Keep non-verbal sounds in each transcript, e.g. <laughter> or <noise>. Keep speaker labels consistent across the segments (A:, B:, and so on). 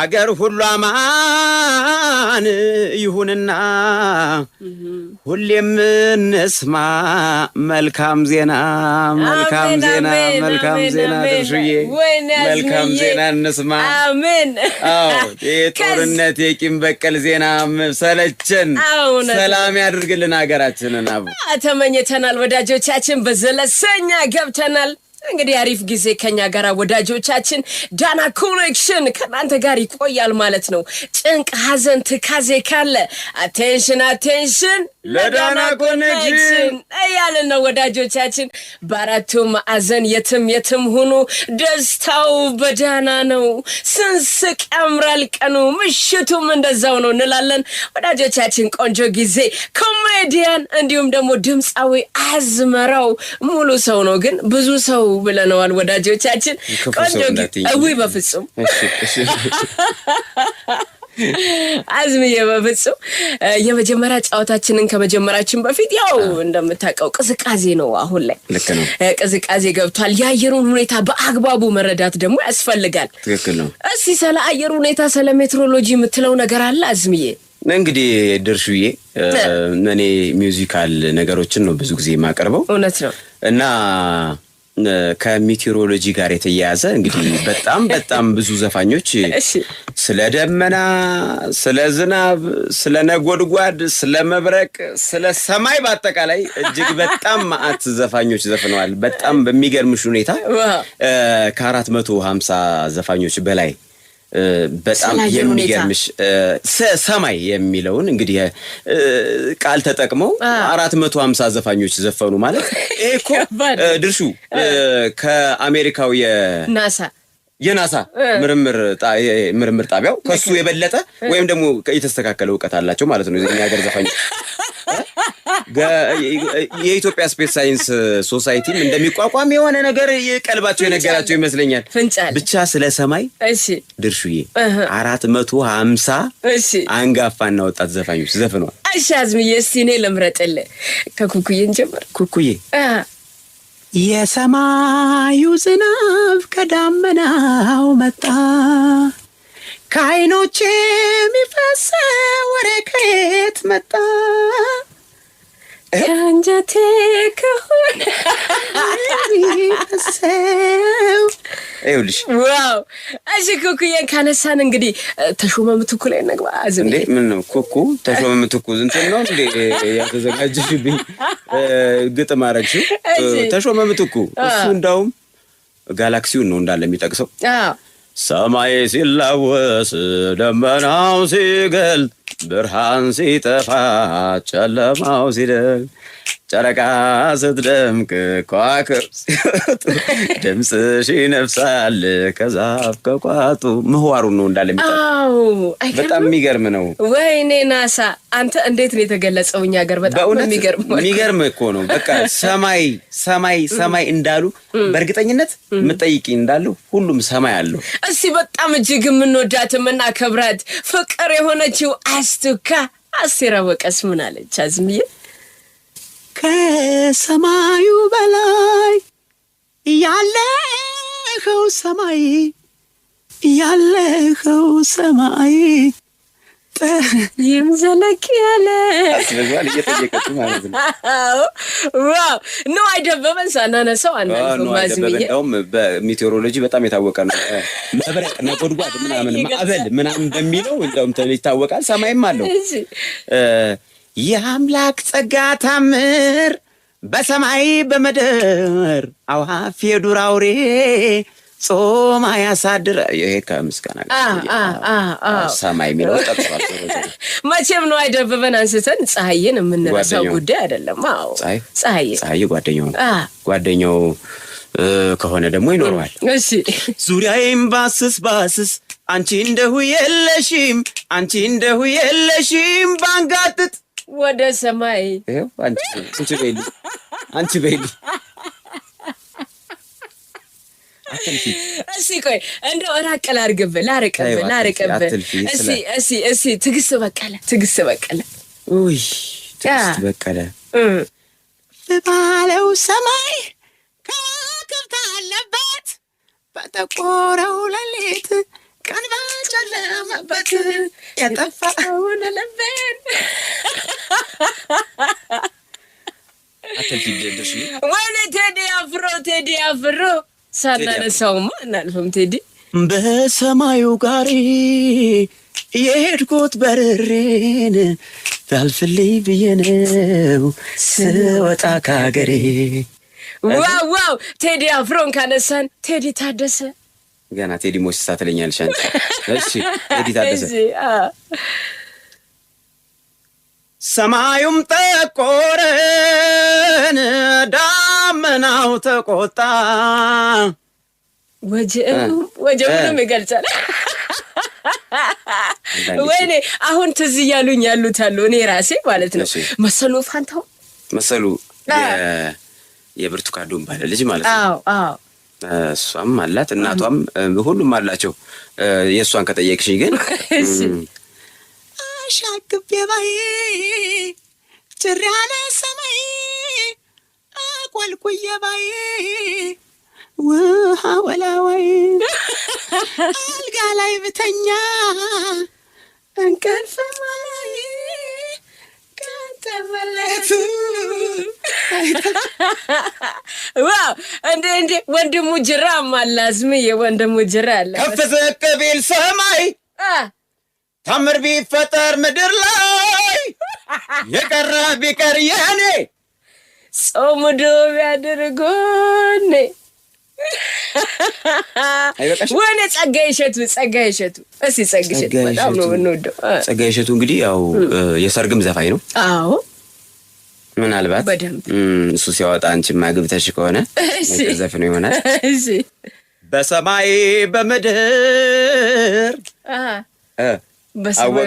A: አገር ሁሉ አማን ይሁንና ሁሌም እንስማ መልካም ዜና መልካም ዜና መልካም ዜና ደርሽዬ መልካም ዜና እንስማ። አሜን። አዎ <laughs> የጦርነት የቂም በቀል ዜና ሰለችን ሰላም ያድርግልን ሀገራችንን። አቡ ተመኝተናል ወዳጆቻችን፣ በዘለሰኛ ገብተናል። እንግዲህ አሪፍ ጊዜ ከኛ ጋር ወዳጆቻችን፣ ዳና ኮኔክሽን ከእናንተ ጋር ይቆያል ማለት ነው። ጭንቅ፣ ሀዘን ትካዜ ካለ አቴንሽን አቴንሽን ለዳና ኮኔክሽን እያልን ነው ወዳጆቻችን። በአራቱ ማዕዘን የትም የትም ሁኑ፣ ደስታው በዳና ነው። ስንስቅ ያምራል ቀኑ፣ ምሽቱም እንደዛው ነው እንላለን ወዳጆቻችን። ቆንጆ ጊዜ ኮሜዲያን እንዲሁም ደግሞ ድምፃዊ አዝመራው ሙሉ ሰው ነው፣ ግን ብዙ ሰው ብለነዋል ወዳጆቻችን። ቆንጆ እዊ በፍጹም አዝምዬ በፍጹም የመጀመሪያ ጨዋታችንን ከመጀመራችን በፊት ያው እንደምታውቀው ቅዝቃዜ ነው። አሁን ላይ ቅዝቃዜ ገብቷል። የአየሩን ሁኔታ በአግባቡ መረዳት ደግሞ ያስፈልጋል። ትክክል ነው። እስቲ ስለ አየሩ ሁኔታ ስለ ሜትሮሎጂ የምትለው ነገር አለ አዝምዬ? እንግዲህ ድርሹዬ እኔ ሚውዚካል ነገሮችን ነው ብዙ ጊዜ የማቀርበው። እውነት ነው እና ከሚቴሮሎጂ ጋር የተያያዘ እንግዲህ በጣም በጣም ብዙ ዘፋኞች <laughs> ስለ ደመና፣ ስለ ዝናብ፣ ስለ ነጎድጓድ፣ ስለ መብረቅ፣ ስለ ሰማይ በአጠቃላይ እጅግ በጣም ማአት ዘፋኞች ዘፍነዋል። በጣም በሚገርምሽ ሁኔታ ከአራት መቶ ሀምሳ ዘፋኞች በላይ በጣም የሚገርምሽ ሰማይ የሚለውን እንግዲህ ቃል ተጠቅመው አራት መቶ ሀምሳ ዘፋኞች ዘፈኑ ማለት <laughs> እኮ ድርሹ ከአሜሪካው የናሳ የናሳ ምርምር ጣቢያው ከሱ የበለጠ ወይም ደግሞ የተስተካከለ እውቀት አላቸው ማለት ነው የኛ ዘፋኞች። <laughs> የኢትዮጵያ ስፔስ ሳይንስ ሶሳይቲም እንደሚቋቋም የሆነ ነገር ቀልባቸው የነገራቸው ይመስለኛል። ብቻ ስለ ሰማይ ድርሹዬ አራት መቶ ሀምሳ አንጋፋና ወጣት ዘፋኞች ዘፍነዋል። እሺ አዝምዬ፣ እስቲ እኔ ልምረጥልህ። ጀምር። ኩኩዬ የሰማዩ ዝናብ ከዳመናው መጣ ከአይኖች የሚፈሰ ወሬ ከየት መጣ Eh? አንጀቴ ከሆነ ይኸውልሽ፣ ዋው እሺ፣ ኩኩዬ ካነሳን እንግዲህ ተሾመ ምትኩ ላይ ነግባ። ዝም እንዴ ምን ነው ኩኩ ተሾመ ምትኩ እንትን ነው እንዴ ያተዘጋጀሽብኝ ግጥም አረግሽ? ተሾመ ምትኩ እሱ እንዳውም ጋላክሲውን ነው እንዳለ የሚጠቅሰው ሰማይ ሲላወስ ደመናው ሲገል ብርሃን ሲጠፋ ጨለማው ሲደግ ጨረቃ ስትደምቅ ከዋክብት ሲወጡ ድምፅሽ ይነፍሳል ከዛፍ ከቋጡ። ምህዋሩን ነው እንዳለ በጣም የሚገርም ነው። ወይኔ ናሳ አንተ እንዴት ነው የተገለጸው? እኛ ሀገር በጣም የሚገርም የሚገርም እኮ ነው። በቃ ሰማይ ሰማይ ሰማይ እንዳሉ በእርግጠኝነት የምጠይቂ እንዳሉ ሁሉም ሰማይ አለው። እስቲ በጣም እጅግ የምንወዳት የምናከብራት ፍቅር የሆነችው አስቱካ አስቴር አወቀስ ምን አለች አዝምዬ? ከሰማዩ በላይ ያለኸው ሰማይ ያለኸው ሰማይ ይህም ዘለቅ ያለ ዋው ነው። አይደበበን ሳናነሳው በሜቴሮሎጂ በጣም የታወቀ ነው። መብረቅ፣ ነጎድጓድ፣ ምናምን ማዕበል ምናምን በሚለው እንደውም ይታወቃል። ሰማይም አለው የአምላክ ጸጋ ታምር በሰማይ በምድር አውሃፍ የዱር አውሬ ጾማ ያሳድረ ይሄ ከምስጋና ሰማይ የሚለው <laughs> መቼም ነው አይደበበን አንስተን ፀሐይን የምንረሳው ጉዳይ አይደለም። አዎ ፀሐይ ጓደኛው ነው። ጓደኛው ከሆነ ደግሞ ይኖረዋል። ዙሪያዬም ባስስ ባስስ አንቺ እንደሁ የለሽም አንቺ እንደሁ የለሽም ባንጋጥጥ ወደ ሰማይ ይኸው አንቺ በይል አንቺ በይል። እስኪ ቆይ እንደው ራቅ ላድርግብህ፣ ትግስ ትዕግስት በቀለ፣ ትዕግስት በቀለ፣ ውይ ትዕግስት በቀለ ባለው ሰማይ ከዋክብት አለበት በጠቆረው ሌሊት ቀንባ ያጠፋውን ልቤን ወይኔ ቴዲ አፍሮ ቴዲ አፍሮ ሳናነሳውማ እናልፍም። ቴዲ በሰማዩ ጋሪ የሄድኩት በርሬን ታልፍልኝ ብዬ ነው ስወጣ ከሀገሬ። ዋው ዋው ቴዲ አፍሮን ካነሳን ቴዲ ታደሰ ገና ቴዲ ሞሲሳ ትለኛለሽ አንቺ። እሺ ቴዲ ታደሰ። ሰማዩም ጠቆረን፣ ዳመናው ተቆጣ። ወጀውንም ይገልጻል። ወይኔ አሁን ትዝ እያሉኝ ያሉት አሉ። እኔ ራሴ ማለት ነው መሰሉ ፋንታው መሰሉ የብርቱካን ዶም ባለ ልጅ ማለት ነው። እሷም አላት እናቷም ሁሉም አላቸው። የእሷን ከጠየቅሽኝ ግን <laughs> አሻግቤ ባይ ጭር ያለ ሰማይ አቆልቁዬ ባይ ውሃ ወላዋይ <laughs> አልጋ ላይ ብተኛ እንቅልፍ <laughs> ዋው እንደ ወንድሙ ጅራ ማላዝም የወንድሙ ጅራ አለ ከፍ ዝቅ ቢል ሰማይ ታምር ቢፈጠር ምድር ላይ የቀረ ቢቀር የኔ ጾም ዶብ ያድርጎኔ ወደ ጸጋዬ እሸቱ እስኪ በጣም ነው የምንወደው። እንግዲህ ያው የሰርግም ዘፋኝ ነው። አዎ ምናልባት እሱ ሲያወጣ አንቺ ማግብተሽ ከሆነ ዘፍኖ ይሆናል። በሰማይ በምድር በሰማይ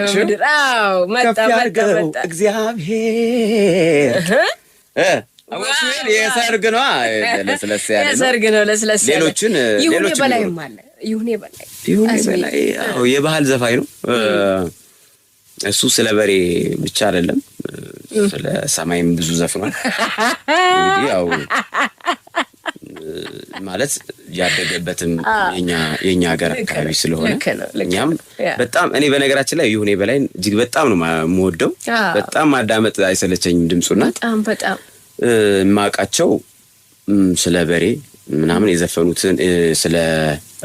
A: በምድር ከፍ እግዚአብሔር የሰርግ ነው ለስለስ ያለ የሰርግ ነው ለስለስ ያለ ሌሎችን ይሁኔ በላይም አለ ይሁኔ በላይ ይሁኔ በላይ የባህል ዘፋኝ ነው እሱ ስለ በሬ ብቻ አይደለም ስለ ሰማይም ብዙ ዘፍኗል እንግዲህ ያው ማለት ያደገበትም የኛ ሀገር አካባቢ ስለሆነ እኛም በጣም እኔ በነገራችን ላይ ይሁኔ በላይን እጅግ በጣም ነው የምወደው በጣም ማዳመጥ አይሰለቸኝም ድምፁ በጣም በጣም ማቃቸው ስለ በሬ ምናምን የዘፈኑትን ስለ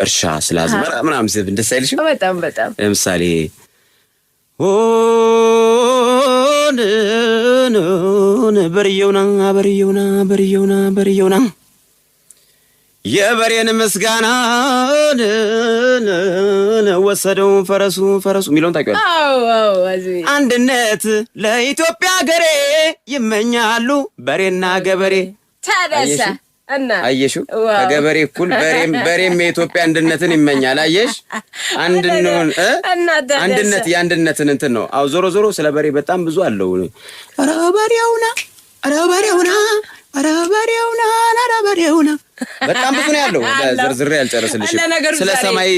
A: እርሻ ስለ አዝመራ ምናምን ዝብ ደስ አይልሽም? በጣም በጣም ለምሳሌ በርየውና በርየውና በርየውና በርየውና የበሬን ምስጋና ወሰደው ፈረሱ ፈረሱ የሚለውን ታውቂዋለሽ። አንድነት ለኢትዮጵያ ሀገሬ ይመኛሉ በሬና ገበሬ። ታደሰ አየሽ፣ ከገበሬ እኩል <laughs> በሬም የኢትዮጵያ አንድነትን ይመኛል። አየሽ፣ አንድንሆን አንድነት የአንድነትን እንትን ነው። አዎ፣ ዞሮ ዞሮ ስለ በሬ በጣም ብዙ አለው። ኧረ በሬውና ኧረ በሬውና ኧረ በሬውና ኧረ በሬውና በጣም ብዙ ነው ያለው። ዝርዝር ያልጨረስልሽ ስለ ሰማይ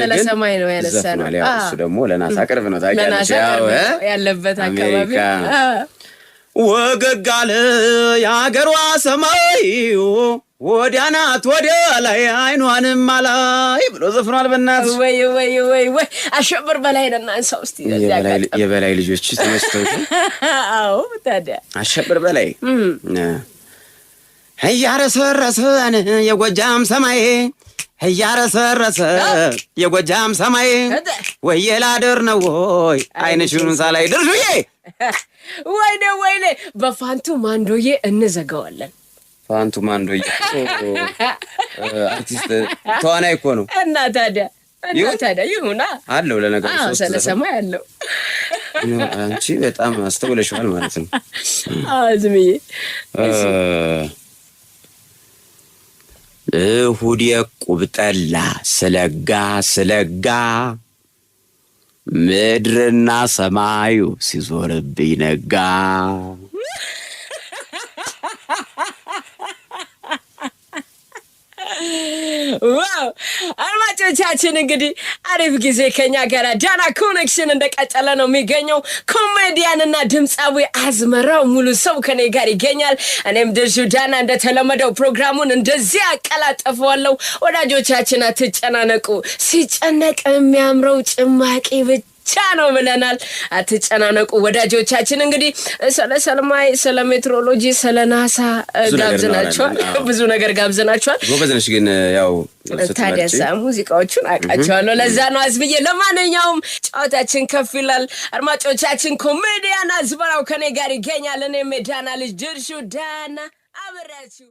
A: ስለ ሰማይ ነው ያነሳነው። እሱ ደግሞ ለናሳ ቅርብ ነው ታውቂያለሽ፣ ያለበት አካባቢ ወገግ አለ የአገሯ ሰማይ ወዲያ ናት ወዲያ ላይ አይኗንም አላይ ብሎ ዘፍኗል። በእናት ወይ ወይ ወይ ወይ አሸብር በላይ ነና እንሳው እስቲ የበላይ ልጆች ተመስተው። <laughs> አዎ ታዲያ አሸብር በላይ እያረሰረሰን የጎጃም ሰማይ እያረሰረሰ የጎጃም ሰማይ ወየ ላድር ነው ወይ አይንሽን ሳላይ ድርሹዬ ወይኔ ወይኔ በፋንቱ ማንዶዬ እንዘጋዋለን። ፋንቱ ማንዶዬ አርቲስት ተዋናይ እኮ ነው። እና ታዲያ እና ታዲያ ይሁና አለው ለነገሩ ስለሰማይ አለው። አንቺ በጣም አስተውለሽዋል ማለት ነው አዝምዬ እሁድየ ቁብጠላ ስለጋ ስለጋ ምድርና ሰማዩ ሲዞርብኝ ነጋ። ዋው አድማጮቻችን እንግዲህ አሪፍ ጊዜ ከኛ ጋር ዳና ኮኔክሽን እንደቀጠለ ነው የሚገኘው። ኮሜዲያን እና ድምፃዊ አዝመራው ሙሉ ሰው ከኔ ጋር ይገኛል። እኔም ድርሹ ዳና እንደተለመደው ፕሮግራሙን እንደዚህ አቀላጠፈዋለሁ። ወዳጆቻችን አትጨናነቁ፣ ሲጨነቅ የሚያምረው ጭማቂ ብቻ ብቻ ነው ብለናል። አትጨናነቁ ወዳጆቻችን። እንግዲህ ስለ ሰልማይ ስለ ሜትሮሎጂ፣ ስለ ናሳ ጋብዝናቸዋል። ብዙ ነገር ጋብዝናቸዋል። ጎበዝ ግን ያው ታዲያሳ ሙዚቃዎቹን አውቃቸዋለሁ። ለዛ ነው አዝብዬ። ለማንኛውም ጨዋታችን ከፍ ይላል። አድማጮቻችን፣ ኮሜዲያን አዝመራው ከኔ ጋር ይገኛል። እኔ ሜዳና ልጅ ድርሹ ዳና አብራችሁ